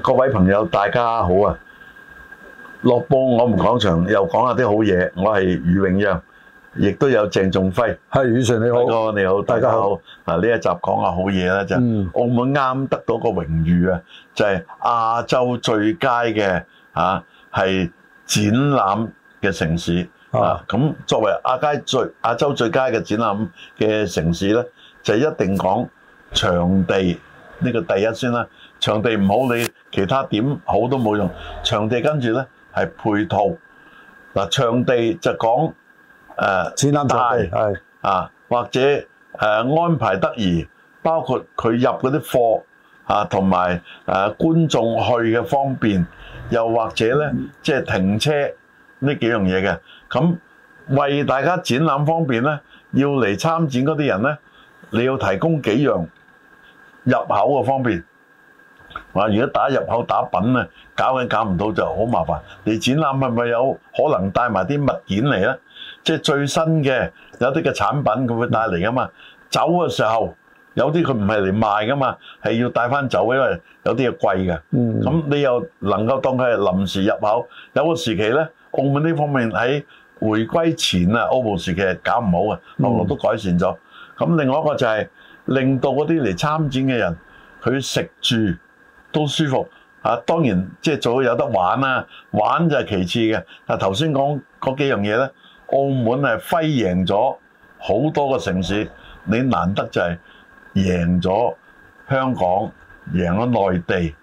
各位朋友，大家好啊！樂報，我唔講場，又講下啲好嘢。我係余榮讓，亦都有鄭仲輝，係宇常你好，Sir, 你好，大家好。嗱呢一集講下好嘢啦、嗯，就澳門啱得到個榮譽啊，就係亞洲最佳嘅嚇，係、啊、展覽嘅城市啊。咁、啊、作為亞佳最亞洲最佳嘅展覽嘅城市咧，就一定講場地呢、這個第一先啦。場地唔好你。其他點好都冇用，場地跟住呢係配套。嗱，場地就講誒展覽大係啊，或者，呃、安排得宜，包括佢入嗰啲貨啊，同埋誒觀眾去嘅方便，又或者呢即係，就是，停車呢幾樣嘢嘅。咁為大家展覽方便呢，要嚟參展嗰啲人呢，你要提供幾樣入口嘅方便。話如果打入口打品啊，搞緊搞唔到就好麻煩。你展覽係咪有可能帶埋啲物件嚟咧？即係最新嘅有啲嘅產品，佢會帶嚟噶嘛。走嘅時候有啲佢唔係嚟賣噶嘛，係要帶翻走，因為有啲係貴嘅。嗯，咁你又能夠當佢係臨時入口。有個時期咧，澳門呢方面喺回歸前啊，澳門時期係搞唔好嘅，後來都改善咗。咁另外一個就係令到嗰啲嚟參展嘅人，佢食住。都舒服嚇、啊，當然即係做到有得玩啦、啊，玩就係其次嘅。但頭先講嗰幾樣嘢呢，澳門係輝贏咗好多個城市，你難得就係贏咗香港，贏咗內地，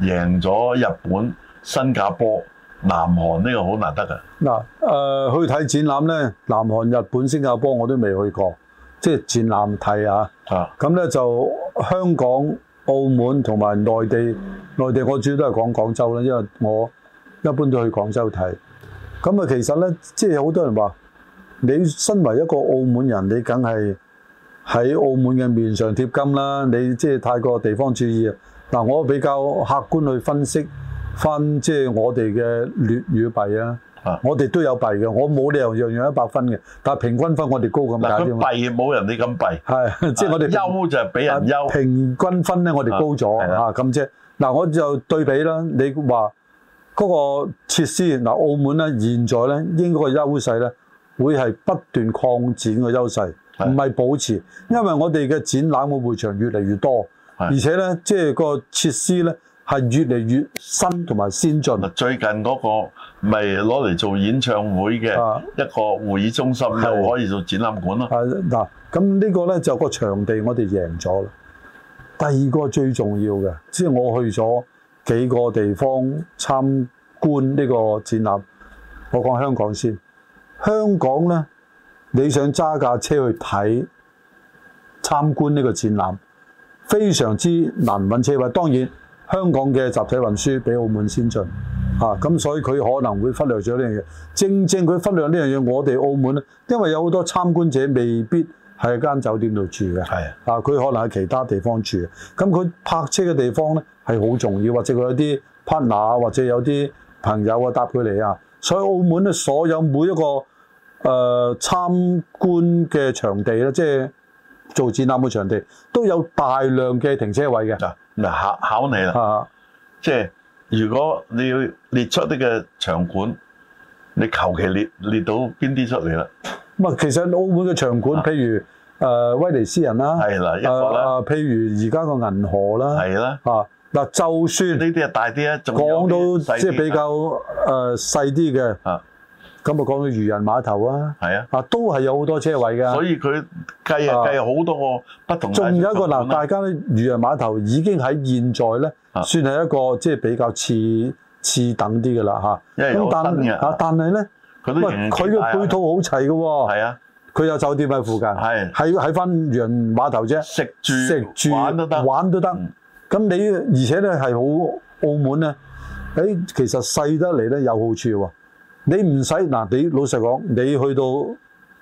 贏咗日本、新加坡、南韓呢、呢個好難得嘅。嗱、呃、誒，去睇展覽呢，南韓、日本、新加坡我都未去過，即係展覽睇嚇。咁、啊、呢就香港。澳門同埋內地，內地我主要都係講廣州啦，因為我一般都去廣州睇。咁啊，其實呢，即係好多人話，你身為一個澳門人，你梗係喺澳門嘅面上貼金啦。你即係太過地方主義。但係我比較客觀去分析翻，即係我哋嘅劣與弊啊。啊、我哋都有弊嘅，我冇理由樣樣一百分嘅，但係平均分我哋高咁解啫嘛。嗱，佢弊冇人哋咁弊，係即係我哋優就係俾人優、啊。平均分咧，我哋高咗嚇咁啫。嗱、啊啊就係啊，我就對比啦。你話嗰個設施嗱、啊，澳門咧現在咧應該個優勢咧會係不斷擴展個優勢，唔係保持，因為我哋嘅展覽嘅會場越嚟越多，而且咧即係個設施咧。係越嚟越新同埋先進。最近嗰個咪攞嚟做演唱會嘅一個會議中心，係可以做展覽館咯。係嗱，咁呢個咧就個場地我哋贏咗啦。第二個最重要嘅，即係我去咗幾個地方參觀呢個展覽。我講香港先，香港咧你想揸架車去睇參觀呢個展覽，非常之難揾車位。當然。香港嘅集體運輸比澳門先進，啊，咁所以佢可能會忽略咗呢樣嘢。正正佢忽略呢樣嘢，我哋澳門咧，因為有好多參觀者未必喺間酒店度住嘅，係啊，佢可能喺其他地方住。咁佢泊車嘅地方咧係好重要，或者佢有啲 partner 或者有啲朋友啊搭佢嚟啊。所以澳門咧，所有每一個誒、呃、參觀嘅場地咧，即係做展覽嘅場地，都有大量嘅停車位嘅。考考你啦、啊，即係如果你要列出呢個場館，你求其列列到邊啲出嚟啦？咁啊，其實澳門嘅場館，譬如誒、啊呃、威尼斯人啦、啊，係啦一個、呃、譬如而家個銀河啦，係啦，啊嗱，就算呢啲啊大啲啊，講到即係比較誒細啲嘅。咁啊，講到漁人碼頭啊，啊，啊，都係有好多車位㗎、啊，所以佢計啊計好多個不同、啊。仲有一個嗱、啊，大家漁人碼頭已經喺現在咧、啊，算係一個即係比較次次等啲㗎啦，吓，咁，但係啊，但係咧，佢個配套好齊㗎喎。係啊，佢、啊、有酒店喺附近，係喺喺翻漁人碼頭啫，食住，食住玩都得。咁、嗯、你而且咧係好澳門咧，誒其實細得嚟咧有好處喎、啊。你唔使嗱，你老實講，你去到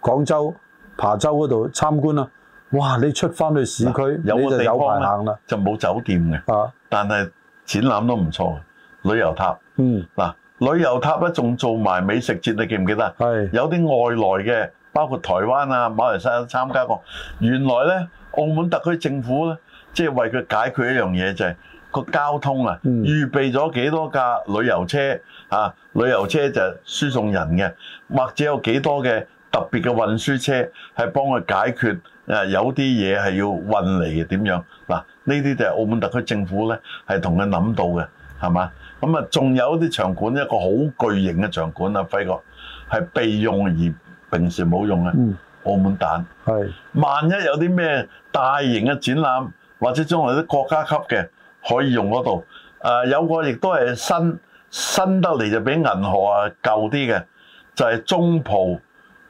廣州、琶洲嗰度參觀啦，哇！你出翻去市區，啊、有個地方有行啦、啊，就冇酒店嘅。嚇、啊！但係展覽都唔錯，旅遊塔。嗯。嗱、啊，旅遊塔咧仲做埋美食節，你記唔記得？係。有啲外來嘅，包括台灣啊、馬來西亞都參加過。原來咧，澳門特區政府咧，即、就、係、係、為佢解決一樣嘢就係、係。個交通啊，預備咗幾多架旅遊車啊？旅遊車就輸送人嘅，或者有幾多嘅特別嘅運輸車係幫佢解決啊？有啲嘢係要運嚟嘅點樣？嗱，呢啲就係澳門特區政府咧係同佢諗到嘅，係嘛？咁啊，仲有啲場館，一個好巨型嘅場館啊，輝哥係備用而平時冇用嘅。嗯，澳門蛋係，萬一有啲咩大型嘅展覽或者將來啲國家級嘅。可以用嗰度，誒、呃、有個亦都係新新得嚟，就比銀河啊舊啲嘅，就係、是、中葡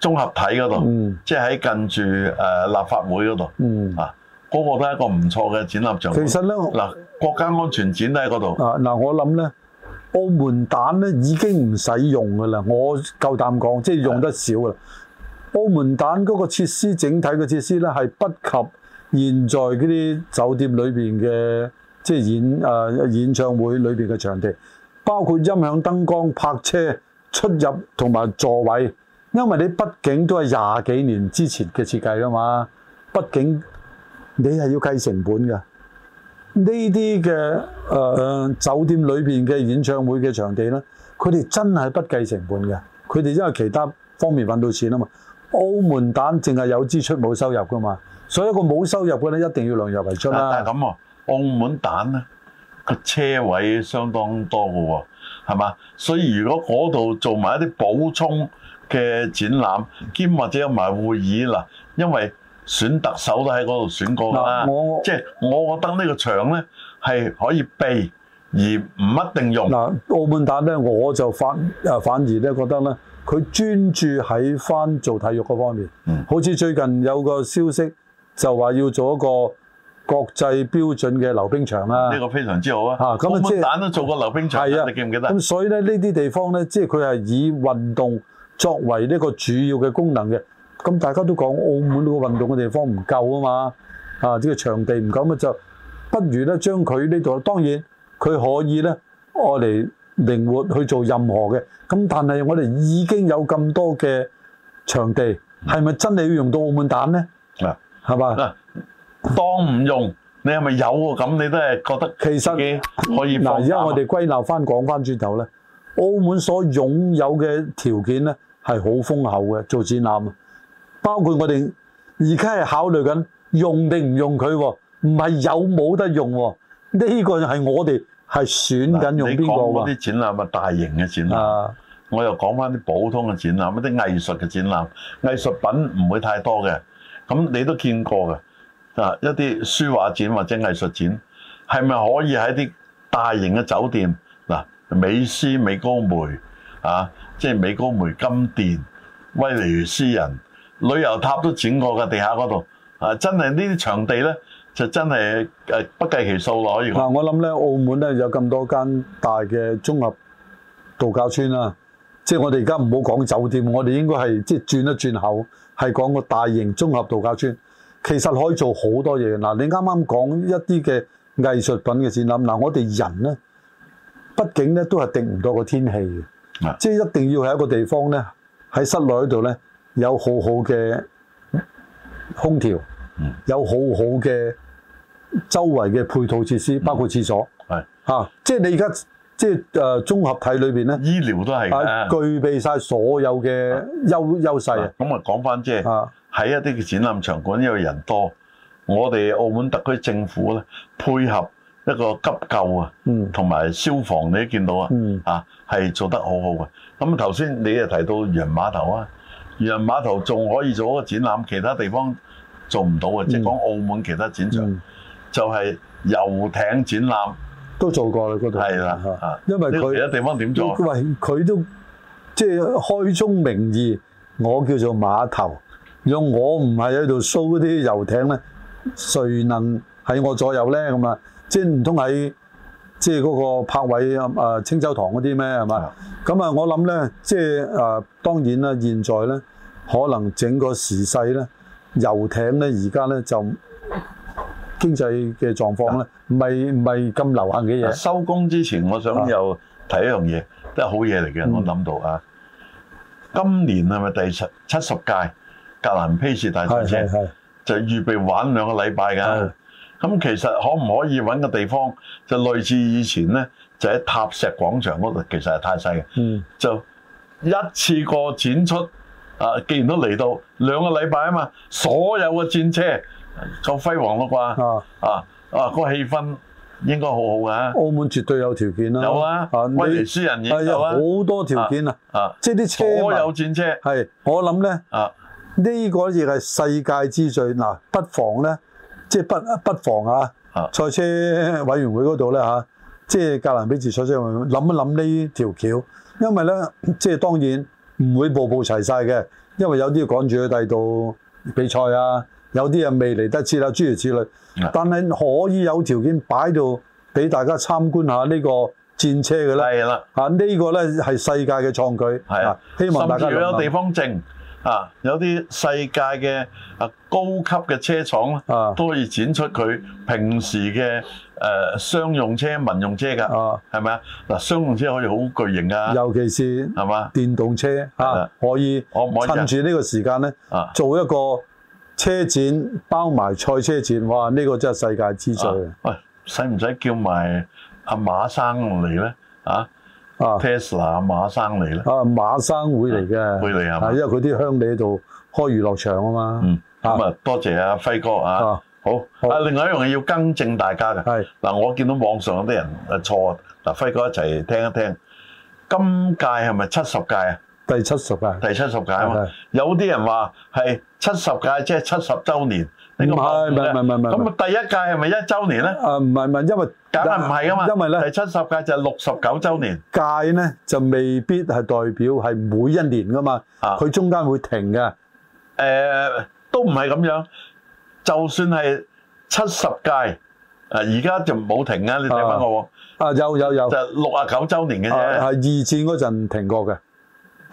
綜合體嗰度、嗯，即係喺近住誒、呃、立法會嗰度、嗯、啊。嗰、那個都係一個唔錯嘅展覽場。其實咧嗱、啊，國家安全展喺嗰度啊嗱，我諗咧澳門蛋咧已經唔使用噶啦，我夠膽講，即、就、係、是、用得少啦。澳門蛋嗰個設施，整體嘅設施咧係不及現在嗰啲酒店裏邊嘅。即、就、係、是、演誒、呃、演唱會裏邊嘅場地，包括音響、燈光、泊車、出入同埋座位，因為你畢竟都係廿幾年之前嘅設計啊嘛，畢竟你係要計成本嘅。呢啲嘅誒酒店裏邊嘅演唱會嘅場地咧，佢哋真係不計成本嘅，佢哋因為其他方面揾到錢啊嘛。澳門蛋淨係有支出冇收入噶嘛，所以一個冇收入嘅咧，一定要量入為出啦。但係咁澳門蛋咧個車位相當多㗎喎，係嘛？所以如果嗰度做埋一啲補充嘅展覽，兼或者有埋會議嗱，因為選特首都喺嗰度選過啦，即係我，即係我覺得呢個場咧係可以避而唔一定用。嗱，澳門蛋咧，我就反反而咧覺得咧，佢專注喺返做體育嗰方面，好似最近有個消息就話要做一個。國際標準嘅溜冰場啦，啊、呢、這個非常之好啊！澳、啊、門、就是、蛋都做過溜冰場啊，啊你記唔記得？咁、啊、所以咧，呢啲地方咧，即係佢係以運動作為呢個主要嘅功能嘅。咁大家都講澳門個運動嘅地方唔夠啊嘛，啊，呢、就、個、是、場地唔夠，咁就不如咧將佢呢度。當然佢可以咧愛嚟靈活去做任何嘅。咁但係我哋已經有咁多嘅場地，係咪真係要用到澳門蛋咧？嗱、啊，係嘛？嗱、啊。當唔用，你係咪有喎？咁你都係覺得自己自己其實可以放。嗱，而家我哋歸納翻，講翻轉頭咧，澳門所擁有嘅條件咧係好豐厚嘅，做展覽啊。包括我哋而家係考慮緊用定唔用佢喎？唔係有冇得用喎？呢個係我哋係選緊用邊個喎？你講嗰啲展覽咪大型嘅展覽啊？我又講翻啲普通嘅展覽，一啲藝術嘅展覽，藝術品唔會太多嘅，咁你都見過嘅。啊！一啲書畫展或者藝術展，係咪可以喺啲大型嘅酒店？嗱、啊，美斯、美高梅啊，即係美高梅金殿、威尼斯人、旅遊塔都展過嘅地下嗰度啊！真係呢啲場地咧，就真係誒不計其數咯，可以講。嗱、啊，我諗咧，澳門咧有咁多間大嘅綜合度假村啦、啊，即係我哋而家唔好講酒店，我哋應該係即係轉一轉口，係講個大型綜合度假村。其實可以做好多嘢。嗱，你啱啱講一啲嘅藝術品嘅展覽。嗱，我哋人咧，畢竟咧都係定唔到個天氣嘅，即係一定要喺一個地方咧，喺室內嗰度咧有好好嘅空調，有好好嘅周圍嘅配套設施，包括廁所。係啊，即係你而家即係誒綜合體裏邊咧，醫療都係、啊、具備晒所有嘅優優勢。咁啊，講翻即係喺一啲嘅展覽場館，因為人多，我哋澳門特區政府咧配合一個急救啊，同埋消防，你都見到啊，嗯，啊係做得好好嘅。咁頭先你又提到漁人碼頭啊，漁人碼頭仲可以做一個展覽，其他地方做唔到啊，即係講澳門其他展場、嗯、就係、是、遊艇展覽、嗯就是、都做過啦嗰度，係啦，因為佢其他地方點做？因為佢都即係開宗明義，我叫做碼頭。若我唔係喺度 show 嗰啲遊艇咧，誰能喺我左右咧？咁啊，即係唔通喺即係嗰個泊位啊、青州堂嗰啲咩係嘛？咁啊，我諗咧，即係啊，當然啦，現在咧，可能整個時勢咧，遊艇咧而家咧就經濟嘅狀況咧，唔係唔係咁流行嘅嘢。收工之前，我想又提一樣嘢，都係好嘢嚟嘅。嗯、我諗到啊，今年係咪第七七十屆？格蘭披治大賽車，是是是就預備玩兩個禮拜㗎。咁其實可唔可以揾個地方就類似以前咧，就喺塔石廣場嗰度，其實係太細嘅。嗯，就一次過展出啊！既然都嚟到兩個禮拜啊嘛，所有嘅戰車夠輝煌咯啩啊啊啊！啊那個氣氛應該好好㗎。澳門絕對有條件啦、啊，有啊，威尼斯人有好、啊、多條件啊！啊，啊即係啲車所有戰車，係我諗咧啊。呢個亦係世界之最嗱，不妨咧，即係不不妨啊！賽車委員會嗰度咧嚇，即係格蘭披治賽車委員會諗一諗呢條橋，因為咧，即係當然唔會步步齊晒嘅，因為有啲要趕住去第二度比賽啊，有啲啊未嚟得切啊諸如此類。但係可以有條件擺到俾大家參觀下呢個戰車嘅咧。係啦，啊呢個咧係世界嘅創舉係啊，希望大家。如果有地方靜。啊，有啲世界嘅啊高級嘅車廠啦，都可以展出佢平時嘅誒、呃、商用車、民用車㗎，係咪啊？嗱，商用車可以好巨型㗎，尤其是係嘛電動車嚇，可以。我趁住呢個時間咧，做一個車展包埋賽車展，哇！呢、這個真係世界之最。喂、啊，使唔使叫埋阿馬生嚟咧？啊！Tesla, 啊，Tesla 馬生嚟啦！啊，馬生會嚟嘅，會嚟係嘛？因為佢啲鄉里喺度開娛樂場啊嘛。嗯，咁啊，多謝阿輝哥啊，啊好。好，啊，另外一樣嘢要更正大家嘅。係嗱、啊，我見到網上有啲人誒錯。嗱、啊，輝哥一齊聽一聽，今屆係咪七十屆啊？第七十屆，第七十屆啊嘛。係有啲人話係七十屆，即係七十周年。唔係，唔係，唔係，唔係。咁啊，第一屆係咪一週年咧？啊，唔係唔係，因為梗係唔係噶嘛。因為咧，第七十屆就係六十九週年。屆咧就未必係代表係每一年噶嘛。啊，佢中間會停㗎。誒，都唔係咁樣。就算係七十屆，啊，而家就冇停啊。你睇翻我。啊，有有有，就六十九週年嘅啫。係二戰嗰陣停過嘅。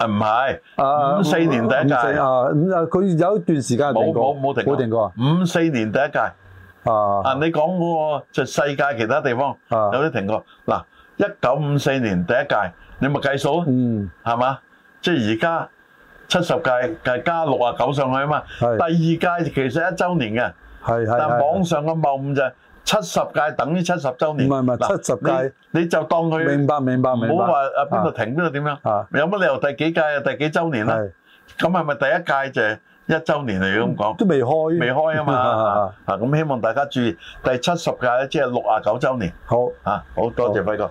不是啊唔係，五四年第一屆五四啊，咁啊佢有一段時間冇冇冇停過，五四年第一屆啊，啊你講喎，即、就、係、是、世界其他地方、啊、有啲停過，嗱一九五四年第一屆，你咪計數咯，嗯，係嘛，即係而家七十屆計加六啊九上去啊嘛，第二屆其實一周年嘅，係係但網上嘅謬誤就。咋。七十屆等於七十週年，唔係唔係七十屆，你就當佢明白明白明白，唔好話啊邊度停邊度點樣，有乜理由第幾屆啊第幾週年咧？咁係咪第一屆就係一週年嚟咁講？都未開，未開啊嘛。嗱咁希望大家注意，第七十屆咧即係六啊九週年。好嚇，好多謝輝哥。